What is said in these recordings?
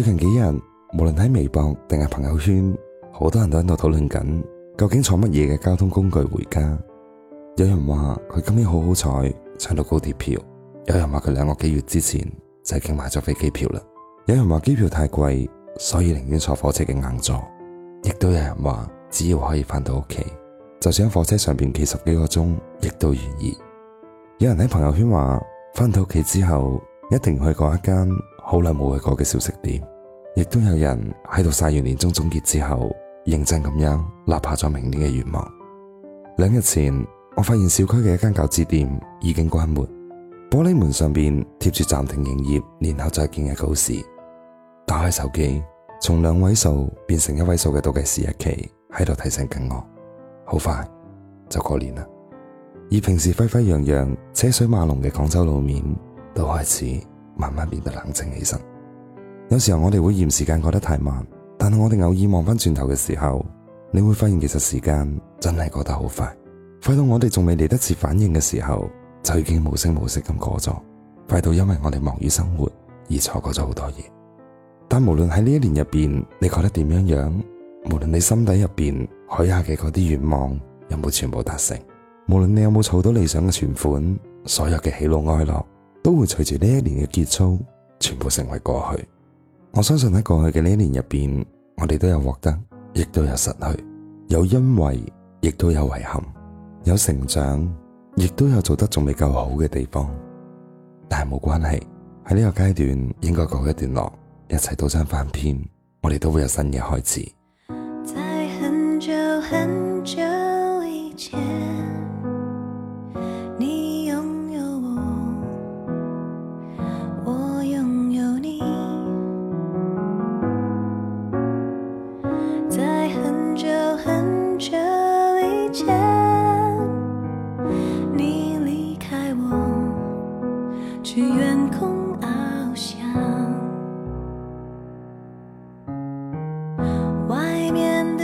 最近幾日，無論喺微博定係朋友圈，好多人都喺度討論緊，究竟坐乜嘢嘅交通工具回家？有人話佢今年好好彩，搶到高鐵票；有人話佢兩個幾月之前就已經買咗飛機票啦。有人話機票太貴，所以寧願坐火車嘅硬座。亦都有人話，只要可以翻到屋企，就算喺火車上邊企十幾個鐘亦都願意。有人喺朋友圈話，翻到屋企之後，一定去過一間好耐冇去過嘅小食店，亦都有人喺度晒完年終總結之後，認真咁樣立下咗明年嘅願望。兩日前，我發現小區嘅一間餃子店已經關門，玻璃門上邊貼住暫停營業，然後再見嘅告示。打開手機，從兩位數變成一位數嘅倒計時日期喺度提醒緊我，好快就過年啦。而平時沸沸揚揚、車水馬龍嘅廣州路面，都開始。慢慢變得冷靜起身。有時候我哋會嫌時間過得太慢，但係我哋偶爾望翻轉頭嘅時候，你會發現其實時間真係過得好快，快到我哋仲未嚟得切反應嘅時候，就已經無聲無息咁過咗。快到因為我哋忙於生活而錯過咗好多嘢。但無論喺呢一年入邊你覺得點樣樣，無論你心底入邊許下嘅嗰啲願望有冇全部達成，無論你有冇儲到理想嘅存款，所有嘅喜怒哀樂，都會隨住呢一年嘅結束，全部成為過去。我相信喺過去嘅呢一年入邊，我哋都有獲得，亦都有失去，有欣慰，亦都有遺憾，有成長，亦都有做得仲未夠好嘅地方。但係冇關係，喺呢個階段應該告一段落，一切都將翻篇，我哋都會有新嘅開始。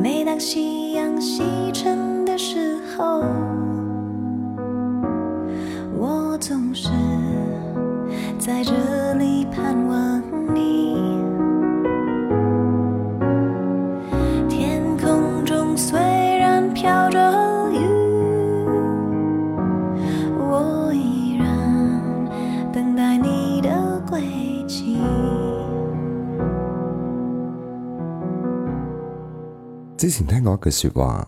每當夕陽西沉的時候，我總是在這。之前聽過一句說話，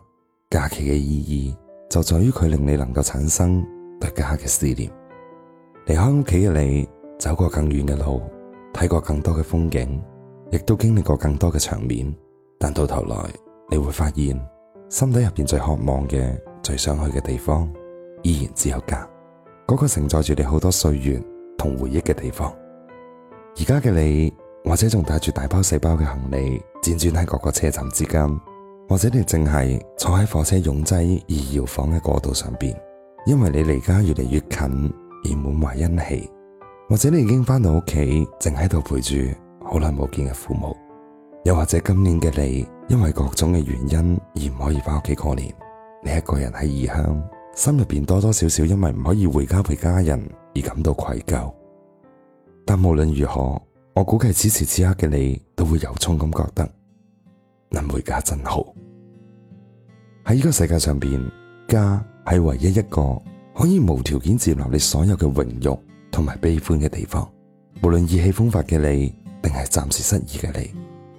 假期嘅意義就在於佢令你能夠產生對家嘅思念。離開屋企嘅你，走過更遠嘅路，睇過更多嘅風景，亦都經歷過更多嘅場面。但到頭來，你會發現心底入邊最渴望嘅、最想去嘅地方，依然只有家，嗰個承載住你好多歲月同回憶嘅地方。而家嘅你，或者仲帶住大包細包嘅行李，輾轉喺各個車站之間。或者你淨係坐喺火車擁擠而搖晃嘅過道上邊，因為你離家越嚟越近而滿懷欣喜；或者你已經翻到屋企，淨喺度陪住好耐冇見嘅父母；又或者今年嘅你因為各種嘅原因而唔可以翻屋企過年，你一個人喺異鄉，心入邊多多少少因為唔可以回家陪家人而感到愧疚。但無論如何，我估計此時此刻嘅你都會由衷咁覺得。能回家真好。喺呢個世界上邊，家係唯一一個可以無條件接納你所有嘅榮辱同埋悲歡嘅地方。無論意氣風發嘅你，定係暫時失意嘅你，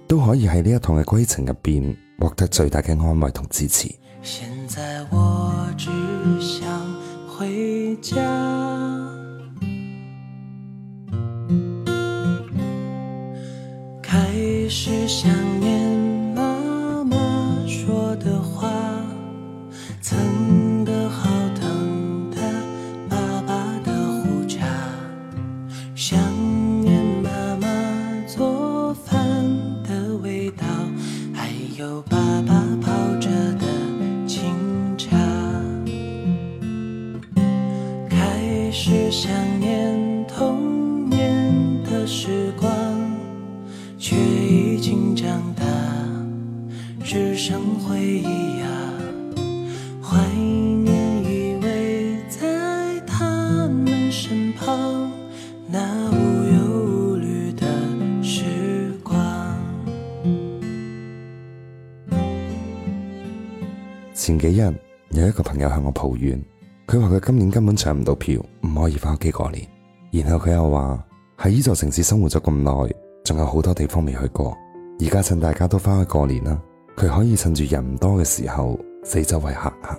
都可以喺呢一趟嘅歸程入邊獲得最大嘅安慰同支持。現在我只想回家，開始想念。又向我抱怨，佢話佢今年根本搶唔到票，唔可以翻屋企過年。然後佢又話喺呢座城市生活咗咁耐，仲有好多地方未去過。而家趁大家都翻去過年啦，佢可以趁住人唔多嘅時候四周圍行下。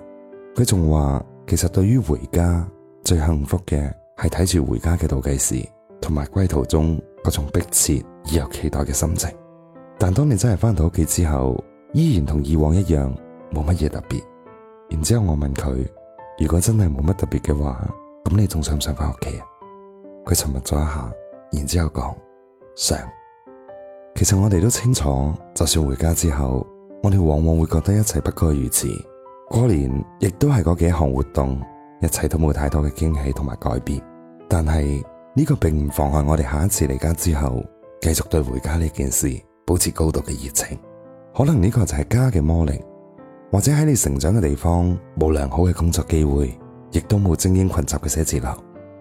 佢仲話其實對於回家最幸福嘅係睇住回家嘅倒計時，同埋歸途中嗰種迫切而又期待嘅心情。但當你真係翻到屋企之後，依然同以往一樣，冇乜嘢特別。然之後我問佢，如果真係冇乜特別嘅話，咁你仲想唔想翻屋企啊？佢沉默咗一下，然之後講想。其實我哋都清楚，就算回家之後，我哋往往會覺得一切不過如此。過年亦都係嗰幾項活動，一切都冇太多嘅驚喜同埋改變。但係呢個並唔妨礙我哋下一次離家之後，繼續對回家呢件事保持高度嘅熱情。可能呢個就係家嘅魔力。或者喺你成長嘅地方冇良好嘅工作機會，亦都冇精英群集嘅寫字樓，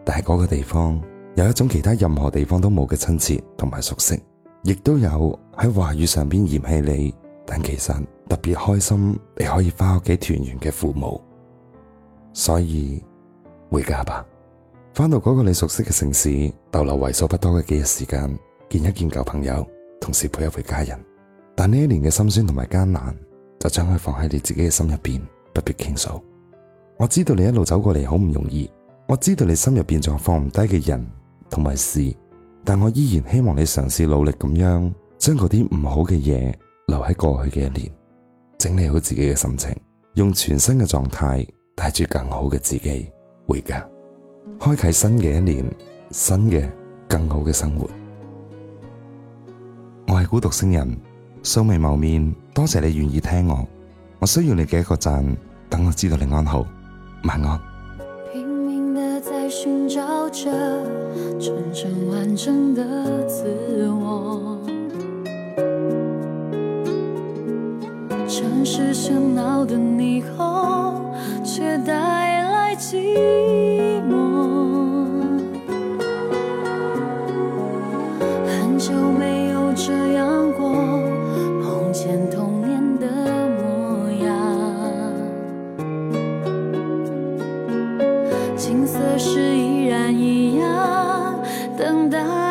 但係嗰個地方有一種其他任何地方都冇嘅親切同埋熟悉，亦都有喺話語上邊嫌棄你，但其實特別開心你可以翻屋企團圓嘅父母，所以回家吧，翻到嗰個你熟悉嘅城市逗留為數不多嘅幾日時間，見一見舊朋友，同時陪一陪家人，但呢一年嘅心酸同埋艱難。就將佢放喺你自己嘅心入邊，不必傾訴。我知道你一路走過嚟好唔容易，我知道你心入邊仲有放唔低嘅人同埋事，但我依然希望你嘗試努力咁樣將嗰啲唔好嘅嘢留喺過去嘅一年，整理好自己嘅心情，用全新嘅狀態帶住更好嘅自己回家，開啟新嘅一年，新嘅更好嘅生活。我係孤獨星人。素未謀面，多謝你願意聽我。我需要你嘅一個讚，等我知道你安好，晚安。拼命的在尋找著真正完整的自我，城市喧鬧的霓虹，卻帶來記憶。景色是依然一樣，等待。